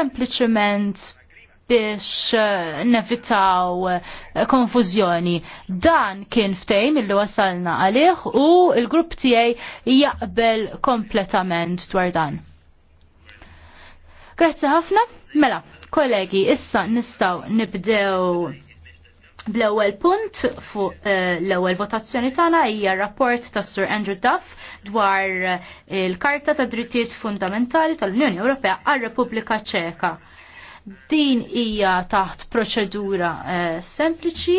sempliċement biex eh, nevitaw eh, konfuzjoni. Dan kien ftejm illi wasalna għalih u il-grupp tiegħi jaqbel kompletament dwar dan. Grazzi ħafna. Mela, kollegi, issa nistaw nibdew Bl-ewwel punt fuq eh, l-ewwel votazzjoni tagħna hija rapport ta' Sur Andrew Duff dwar eh, il-Karta ta' Drittijiet Fundamentali tal-Unjoni Ewropea għar-Repubblika Ċeka. Din hija taħt proċedura eh, sempliċi,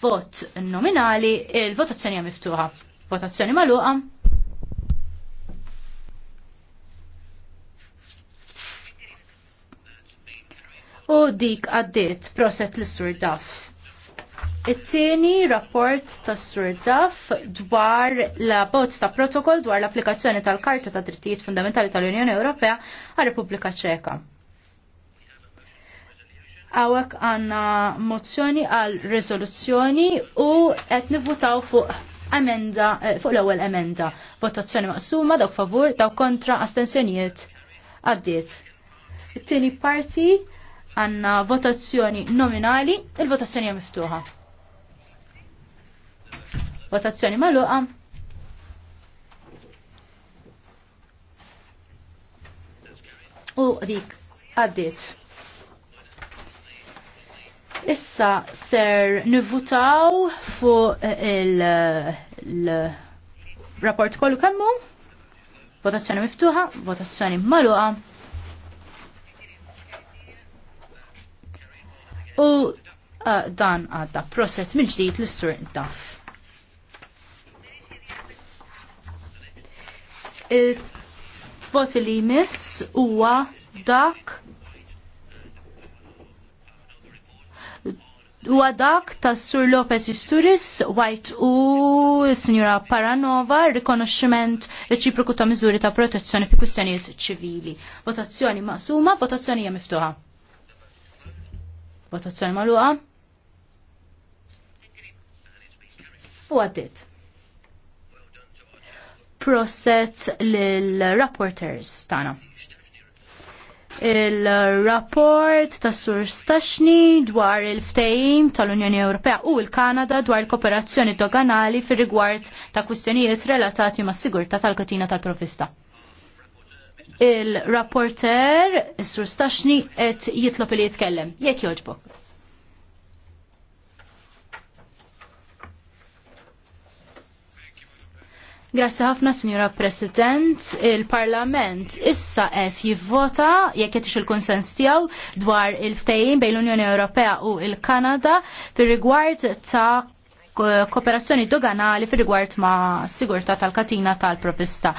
vot nominali, il-votazzjoni hija miftuħa. Votazzjoni magħluqa. U dik għaddiet proset l-Sur Duff. It-tieni rapport ta' Sur Duff dwar la bozz ta' protokoll dwar l-applikazzjoni tal-Karta ta' Drittijiet Fundamentali tal-Unjoni Ewropea għar Repubblika Ċeka. Għawek għanna mozzjoni għal rezoluzzjoni u qed nivvutaw fuq emenda eh, fuq l-ewwel emenda. Votazzjoni maqsuma dawk favur dawk kontra astensjonijiet għaddiet. It-tieni parti għanna votazzjoni nominali, il-votazzjoni hija miftuħa. Votazzjoni maluqa. U dik għaddit. Issa ser nivvutaw fuq il-rapport kollu kammu. Votazzjoni miftuħa, votazzjoni maluqa. U uh, dan għadda proset minn ġdijt l istur taf. il-voti li jmiss huwa dak huwa dak ta' Sur Lopez Isturis, White u Signora Paranova, rikonoxximent reċiproku ta' miżuri ta' protezzjoni fi kustjonijiet ċivili. Votazzjoni maqsuma, votazzjoni hija miftuħa. Votazzjoni magħluqa. U għaddit proset l-rapporters tana il-rapport ta' Sur Staxni dwar il-ftejim tal-Unjoni Ewropea u il-Kanada dwar il-kooperazzjoni doganali fir rigward ta' kwistjonijiet relatati ma' sigurta tal-katina tal-provista. Il-rapporter, Sur Staxni, et jitlob li jitkellem. Jek joġbok. Grazzi ħafna, Signora President. Il-Parlament issa qed jivvota jekk qed il-konsens tiegħu dwar il-ftehim bejn l-Unjoni Ewropea u l-Kanada fir rigward ta' kooperazzjoni doganali fir rigward ma' sigurta tal-katina tal-propista.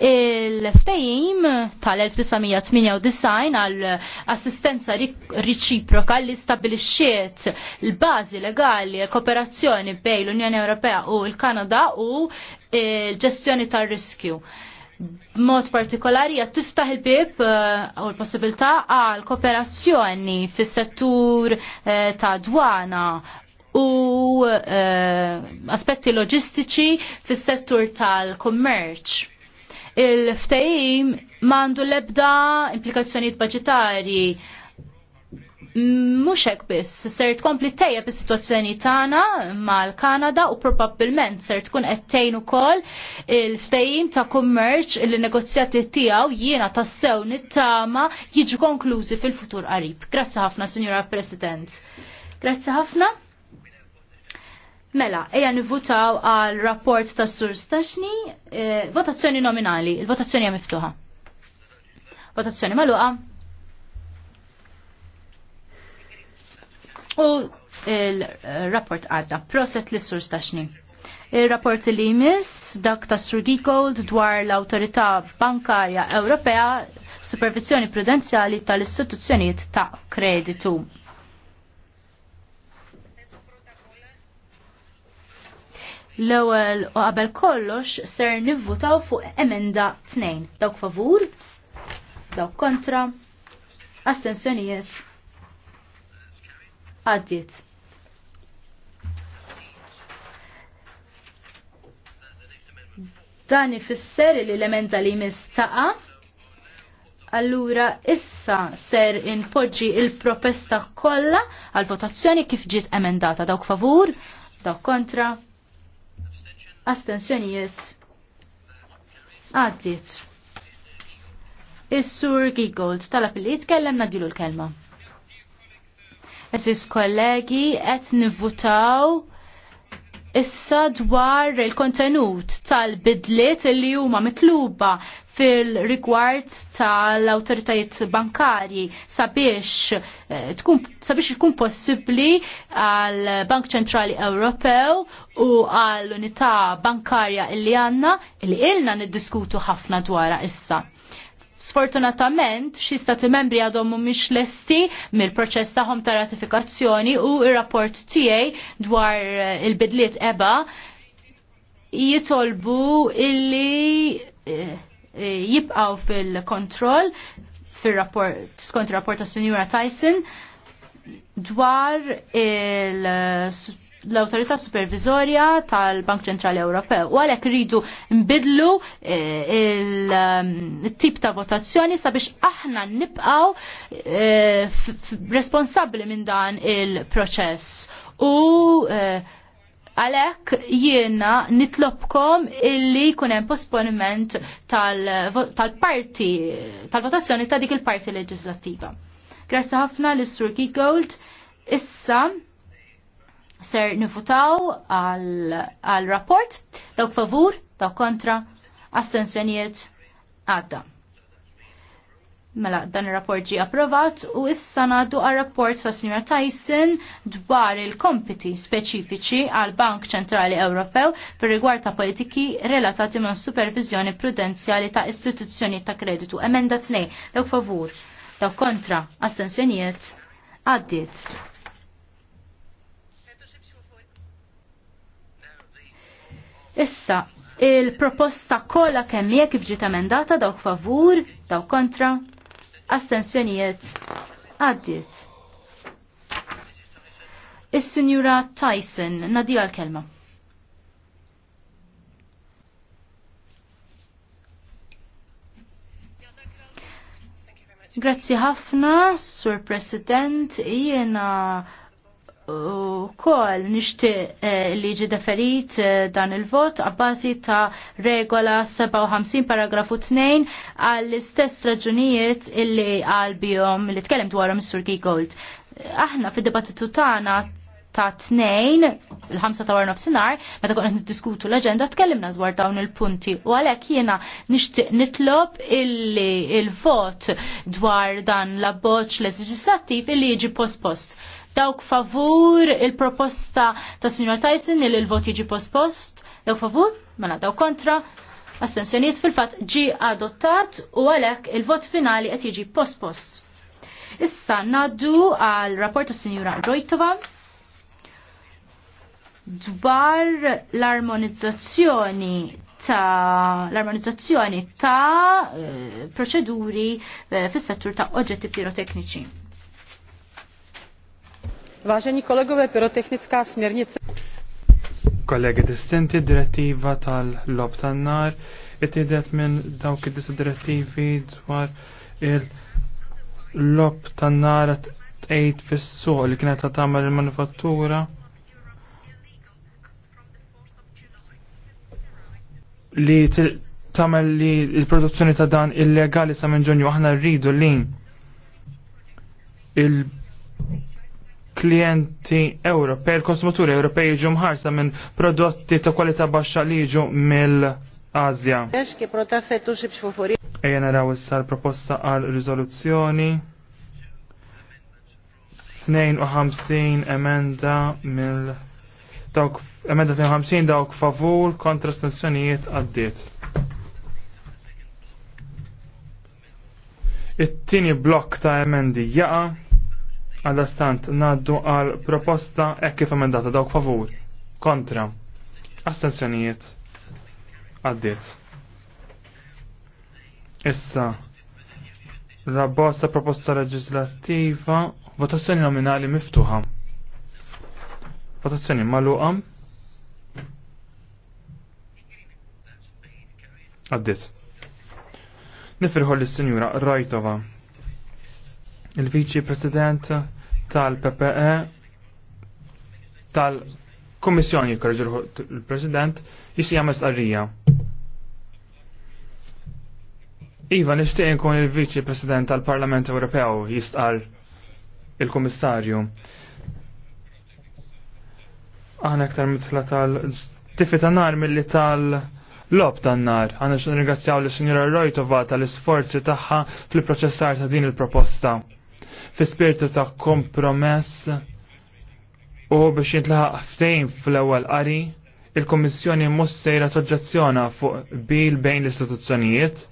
Il-ftejim tal-1998 għal assistenza riċiproka li stabilixiet l-bazi legali e kooperazzjoni bej l-Unjoni Ewropea u l-Kanada u l-ġestjoni tal-riskju mod partikolari jgħat tiftaħ il-bib eh, u uh, l-possibilità għal kooperazzjoni fis settur uh, eh, ta' dwana u eh, aspetti loġistiċi fis-settur tal-kummerċ. Il-ftehim mandu lebda implikazzjonijiet budgetari mhux hekk biss, ser tkompli tejjeb is-sitwazzjoni tagħna mal-Kanada u probabbilment ser tkun qed tgħin ukoll il-ftehim ta' kummerċ il negozjati tiegħu jiena tas-sew nittama jiġu konklużi fil-futur qarib. Grazzi ħafna, Signora President. Grazzi ħafna. Mela, eja nivutaw għal rapport ta' sur staxni, eh, votazzjoni nominali, il-votazzjoni hija miftuħa. Votazzjoni maluqa. U il-rapport għadda, proset li sur staxni. Il-rapport li jmiss dak ta' sur Gold dwar l autorita bankarja Ewropea supervizjoni prudenzjali tal-istituzzjonijiet ta' kreditu. L-ewwel u qabel kollox ser nivvutaw fuq emenda 2. Dawk favur, dawk kontra, astensjonijiet. Għaddiet. Dan ifisser li l-emenda li mistaqa Allura issa ser inpoġġi il-proposta kollha għal votazzjoni kif ġiet emendata dawk favur, dawk kontra, astensjonijiet għaddit. Is-sur Gigold talab li jitkellem nadilu l-kelma. Eżis kollegi qed nivvutaw issa dwar il-kontenut tal-bidliet li huma mitluba fil-rigward tal-autoritajiet bankarji sabiex eh, tkun sabiex ikun possibbli għal Bank Ċentrali Ewropew u għal unità bankarja illi għandna illi ilna niddiskutu ħafna dwarha issa sfortunatament xi stati membri għadhom mhumiex lesti mill-proċess tagħhom ta' ratifikazzjoni u r-rapport tiegħi dwar eh, il-bidliet eba jitolbu illi eh, Eh, jibqaw fil-kontroll fil-rapport, skont rapport ta' Senjura Tyson dwar l-autorità supervizorja tal-Bank Ċentrali Ewropew. U għalek rridu nbidlu eh, il-tip mm, ta' votazzjoni sabiex aħna nibqaw eh, responsabli minn dan il-proċess. U Għalek jiena nitlobkom illi kunem posponiment tal-parti, tal parti tal votazzjoni ta' dik il-parti leġislativa. Grazzi ħafna l-Sur Gold. Issa ser nifutaw għal-rapport, dawk favur, dawk kontra, astensjonijiet għadda. Mela, dan il-rapport ġi approvat u issa naddu għal rapport ta' Signora Tyson dwar il-kompiti speċifiċi għal Bank Ċentrali Ewropew per rigward ta' politiki relatati ma' supervizjoni prudenzjali ta' istituzzjoni ta' kreditu. Emenda 2, dawk favur, dawk kontra, astensjonijiet, għaddit. Issa, il-proposta kolla kemm jekk ġiet emendata dawk favur, dawk kontra, Astensjonijiet għaddiet. Is-Sinjura Tyson, nadija l-kelma. Grazzi ħafna, Sur President, jiena u kol nishti eh, li ġi deferit eh, dan il-vot għabbażi ta' regola 57 paragrafu 2 għall-istess raġunijiet illi għalbijom li tkellem dwarom is-Sur Gold. Aħna fid-dibattitu tagħna ta' tnejn, il-ħamsa ta' warna f'sinar, meta konna niddiskutu l-agenda, tkellimna dwar dawn il-punti. U għalhekk jiena nixtieq nitlob illi il-vot dwar dan l-abbozz leġislattiv illi jiġi post-post. Dawk favur il-proposta ta' Sr. Tyson li l-vot jiġi post-post. Dawk favur, mela dawk kontra. Astensjoniet fil-fat ġi adottat u għalek il-vot finali qed jiġi post-post. Issa naddu għal rapport ta' Signora Rojtova dwar l-armonizzazzjoni ta' l-armonizzazzjoni ta' eh, proċeduri eh, fis-settur ta' oġġetti pirotekniċi. Vážení kolegové, pyrotechnická směrnice. Kollegi distinti, direttiva tal-lob tan-nar, it-tidet minn dawk id-disa direttivi dwar il-lob tan-nar t fis-suq li kienet tagħmel il manufattura li tagħmel li l-produzzjoni ta' dan illegali sa minn ġonju aħna rridu li il klijenti Ewropej, il-konsumaturi Ewropej jiġu mħarsa minn prodotti ta' kwalità baxxa li jiġu mill-Azja. Ejja naraw issa l-proposta għal riżoluzzjoni. 52 emenda mill dawk emenda 52 dawk favur kontra stenzjonijiet għaddiet. It-tieni blokk ta' emendi jaqa' Għal-astant naddu għal proposta ekki kif emendata dawk favur. Kontra. Astenzjonijiet. Għaddiet. Issa. La proposta legislativa. votazzjoni nominali miftuħa. Votazzjoni maluqa. Għaddiet. Nifirħu l senjura Rajtova il-Viċi President tal-PPE tal komissjoni jikkarġu il-President jixi jagħmel stqarrija. Iva, nixtieq nkun il-Viċi President tal-Parlament Ewropew jistqar il-Kummissarju. Aħna ktar mitla tal-tifi tan-nar milli tal-, -tal lob tan-nar. xin ringrazzjaw l-Sinjora Rojtova tal-isforzi tagħha fil-proċessar ta' din il-proposta fi spirtu ta' kompromess u biex jintlaħaq ftejn fl-ewwel qari il-Kommissjoni mhux sejra toġġazzjona fuq bil bejn l-istituzzjonijiet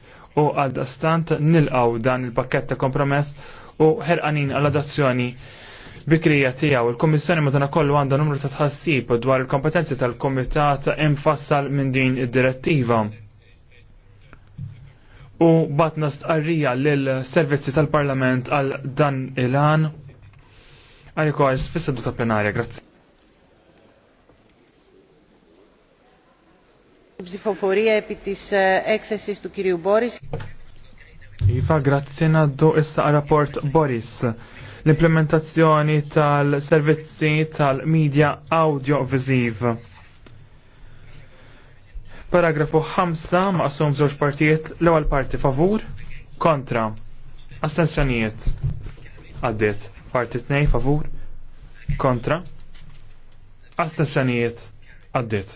u għadda stant nilqaw dan il-pakket ta' kompromess u ħerqanin għal-adazzjoni bikrija tijaw. Il-Komissjoni madana kollu għanda numru ta' tħassib dwar il-kompetenzi tal-Komitat infassal minn din id-direttiva u batna stqarrija lill-servizzi tal-Parlament għal dan il-għan għal kors fis ta' plenarja. Grazzi. Bżifoforija επί της έκθεσης του κυρίου Iva, grazzi naddu issa rapport Boris. L-implementazzjoni tal-servizzi tal-medja audio-visiv. Paragrafu 5 maqsum żewġ partijiet l-ewwel parti favur, kontra, astensjonijiet. Għaddiet. Parti 2 favur, kontra, astensjonijiet. Għaddiet.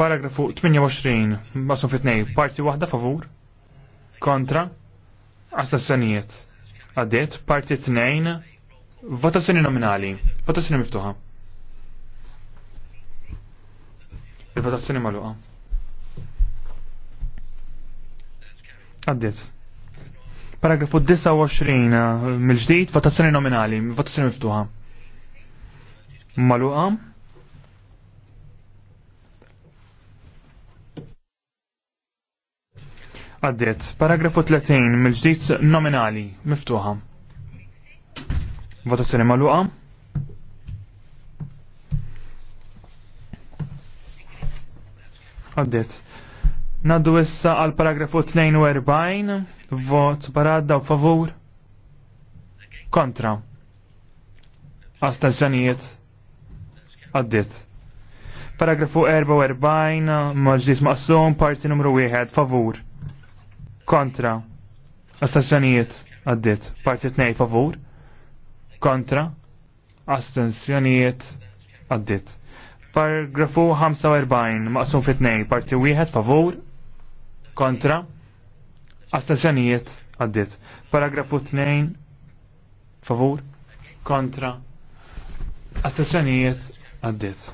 Paragrafu 28 maqsum fit-2 parti waħda favur, kontra, astensjonijiet. Għaddiet. Parti 2 votazzjoni nominali. Votazzjoni miftuħa. Il-votazzjoni maluqa. Għaddiet. Paragrafu 29 mill-ġdid, votazzjoni nominali, votazzjoni miftuħa. Maluqa. Għaddiet. Paragrafu 30 mill-ġdid nominali, miftuħa. Votazzjoni maluqa. għaddit. Naddu issa għal paragrafu 42, vot baradda u favur. Kontra. Astazzjonijiet. Għaddit. Paragrafu 44, maġġis maqsum, parti numru 1, favur. Kontra. Astazzjonijiet. Għaddit. Parti 2, favur. Kontra. Astenzjonijiet. Għaddit Paragrafu 45 maqsum fit-nej, parti wieħed favur kontra astazzjonijiet għaddit. Paragrafu 2 favur kontra astazzjonijiet għaddit.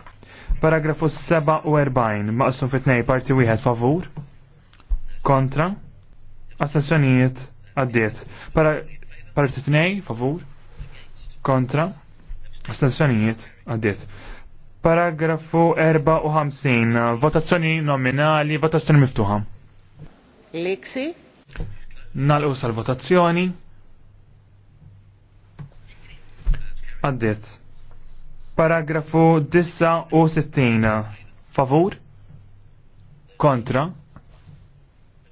Paragrafu 47 maqsum fit-nej, parti wieħed favur kontra astazzjonijiet għaddit. Para, parti 2 favur kontra astazzjonijiet għaddit. Paragrafu 54. Votazzjoni nominali, votazzjoni miftuħa. Liksi? Nalqu sal-votazzjoni. Għaddit. Paragrafu 69. Favur? Kontra?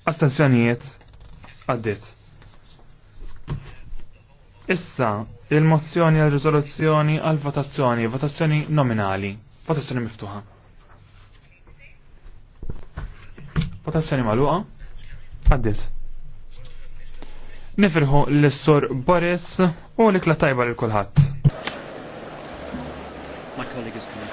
Astenzjonijiet? Għaddit. Issa, il-mozzjoni għal riżoluzzjoni għal votazzjoni, votazzjoni nominali, votazzjoni miftuħa. Votazzjoni maluqa? Għaddis. Nifirħu l-sur Boris u l-ikla tajba l-kulħadd. My colleague is coming.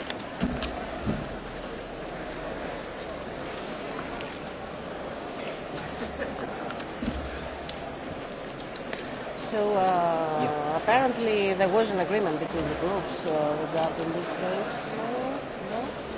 so uh, apparently there was an agreement between the groups uh, regarding this rate. No? No?